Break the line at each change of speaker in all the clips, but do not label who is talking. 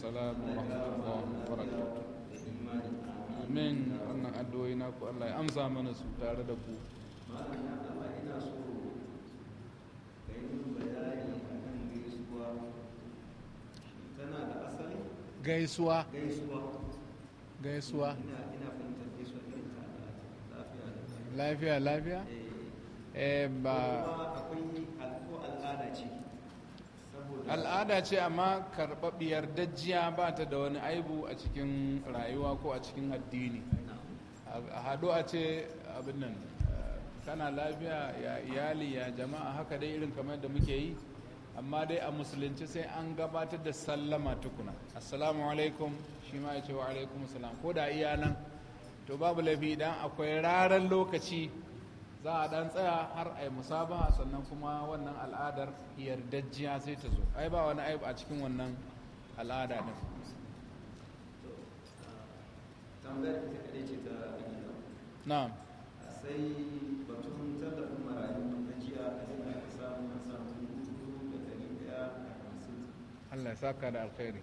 السلام ورحمة الله وبركاته amin wannan addu'o'i na ku Allah ya amsa mana su tare da ku
gaisuwa
gaisuwa eh. Eh, al'ada ce amma karɓaɓɓiyar dajiya ba ta da wani aibu a cikin rayuwa ko a cikin addini a haɗu a ce abin nan eh, kana lafiya ya iyali ya jama'a haka dai irin kamar da muke yi amma dai a musulunci sai an gabatar da sallama tukuna assalamu alaikum shi ma ya ce wa alaikum salam ko da iya to babu laifi idan akwai raran lokaci za a dan tsaya har a yi musabaha sannan kuma wannan al'adar yardajjiya sai ta zo ai ba wani aib a cikin wannan al'ada din tambayar ta kare ce ta na'am sai na jiya a jin aka samu an samu dubu da dari daya a hamsin Allah ya saka da alkhairi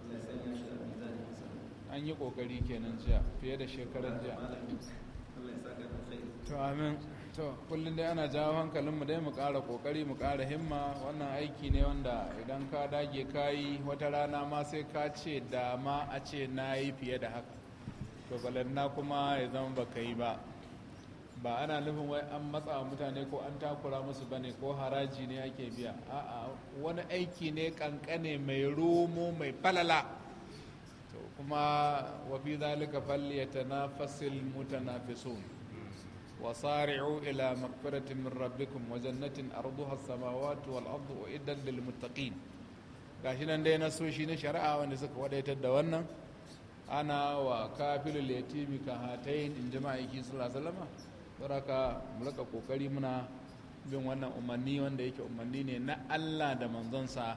an yi kokari kenan jiya fiye da shekarar jiya Allah ya saka da alkhairi to amin to kullum dai ana jawo hankalinmu dai mu ƙara ƙoƙari mu ƙara himma wannan aiki ne wanda idan ka dage ka wata rana ma sai ka ce da ma a ce na yi fiye da haka to balanna kuma ya zama ba ka yi ba ba ana nufin wai an matsa mutane ko an takura musu ba ne ko haraji ne ake biya a'a wani aiki ne kankane mai romo mai falala to kuma wa fi zalika fasil mutanafisun وصارعوا إلى مغفرة من ربكم وجنة أرضها السماوات والأرض أعدت للمتقين gashi nan dai soshi na shari'a wanda suka wadaitar da wannan ana wa kafilu letimi ka hatai in ji ma'aiki sallama saraka mulaka kokari muna bin wannan umarni wanda yake umarni ne na allah da manzonsa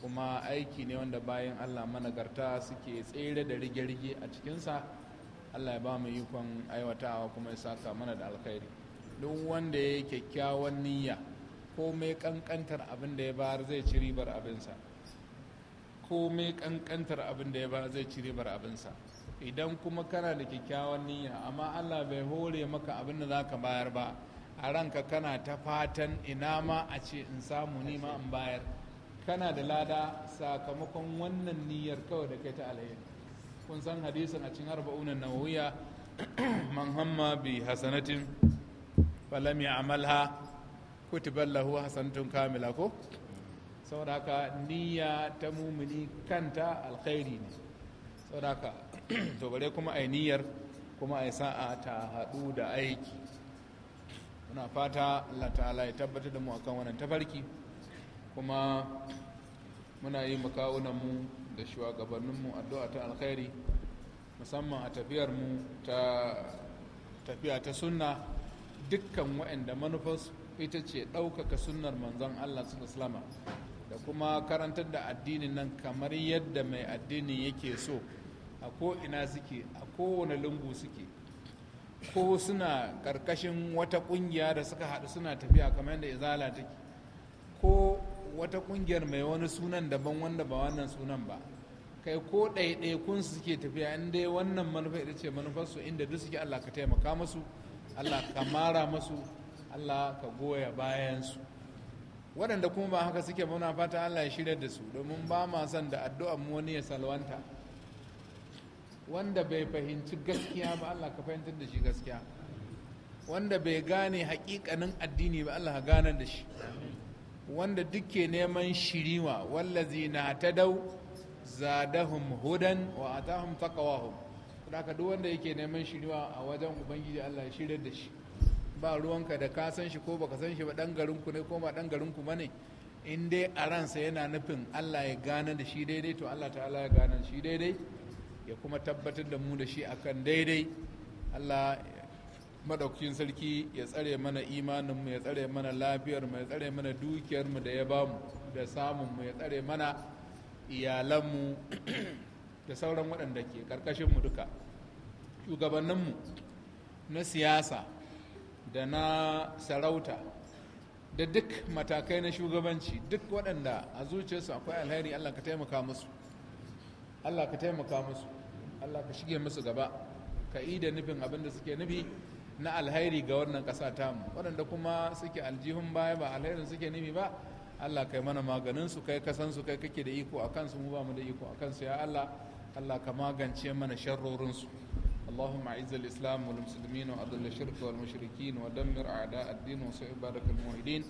kuma aiki ne wanda bayan allah managarta suke tsere da rige-rige a cikinsa Allah ya ba mu ikon aiwatawa kuma ya saka mana da alkhairi duk wanda ya yi kyakkyawan niyya ko mai kankantar abin da ya ba zai ci ribar abinsa mai kankantar abin da ya ba zai ci ribar abinsa idan kuma kana da kyakkyawan niyya amma Allah bai hore maka abin da za ka bayar ba a ranka kana ta fatan ina ma a ce in samu ni ma in bayar kana da lada sakamakon wannan niyyar kawai da kai ta alheri kun san hadisin a cikin arba'unan nawawiya man hamma bi hasanatin falam ya amalha kutiban lahu hasanatun kamila ko saboda haka niyya ta mumuni kanta alkhairi ne saboda haka to bare kuma ai niyyar kuma ai sa'a ta haɗu da aiki muna fata Allah ta'ala ya tabbatar da mu akan wannan tafarki kuma muna yi mu da shugabanninmu addu'a ta alkhairi musamman a tafiyarmu ta tafiya ta sunna dukkan wa'anda manufarsu ita ce ɗaukaka sunnar manzon Allah su islama da kuma karantar da addinin nan kamar yadda mai addinin yake so a ko'ina suke a kowane lungu suke ko suna ƙarƙashin wata ƙungiya da suka haɗu suna tafiya kamar yadda izala take wata kungiyar mai wani sunan daban wanda ba wannan sunan ba kai ko ɗaiɗai kun suke tafiya in dai wannan manufa ita ce manufarsu inda duk suke allah ka taimaka masu allah ka mara masu allah ka goya bayansu waɗanda kuma ba haka suke muna fata allah ya shirya da su domin ba ma son da addu'ar mu wani ya salwanta wanda bai fahimci gaskiya ba allah ka fahimtar da shi gaskiya wanda bai gane hakikanin addini ba allah ka ganar da shi wanda duke neman shiriwa wallazi na dau zadahum hudan wa atahum taqawahum haka duk wanda yake neman shiriwa a wajen ubangiji Allah ya shirya da shi ba ruwanka da ka san shi ko baka san shi ba dan garin ku ne ko ba dan garin ku bane in dai a ransa yana nufin Allah ya gane da shi daidai to Allah ta'ala ya gane shi daidai ya kuma tabbatar da mu da shi akan daidai Allah madaukakin sarki ya tsare mana imaninmu ya tsare mana lafiyarmu ya tsare mana dukiyarmu da ya bamu da samunmu ya tsare mana iyalanmu da sauran waɗanda ke ƙarƙashinmu duka shugabanninmu na siyasa da na sarauta da duk matakai na shugabanci duk waɗanda a zuciyarsu akwai alheri allah ka taimaka musu allah ka taimaka musu allah ka shige musu gaba ka yi nufin abin da suke nufi na alhairi ga wannan ƙasa tamu waɗanda kuma suke aljihun baya ba alhairin suke nimi ba allah kai mana maganin su kai kasan su kai kake da iko a kansu mu ba mu da iko a kansu ya allah allah ka magance mana sharrorin su اللهم اعز الاسلام والمسلمين واذل الشرك والمشركين ودمر اعداء الدين وانصر عبادك الموحدين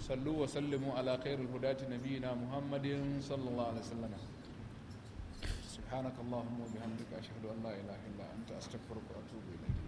صلوا وسلموا على خير الهداة نبينا محمد صلى الله عليه وسلم سبحانك اللهم وبحمدك لا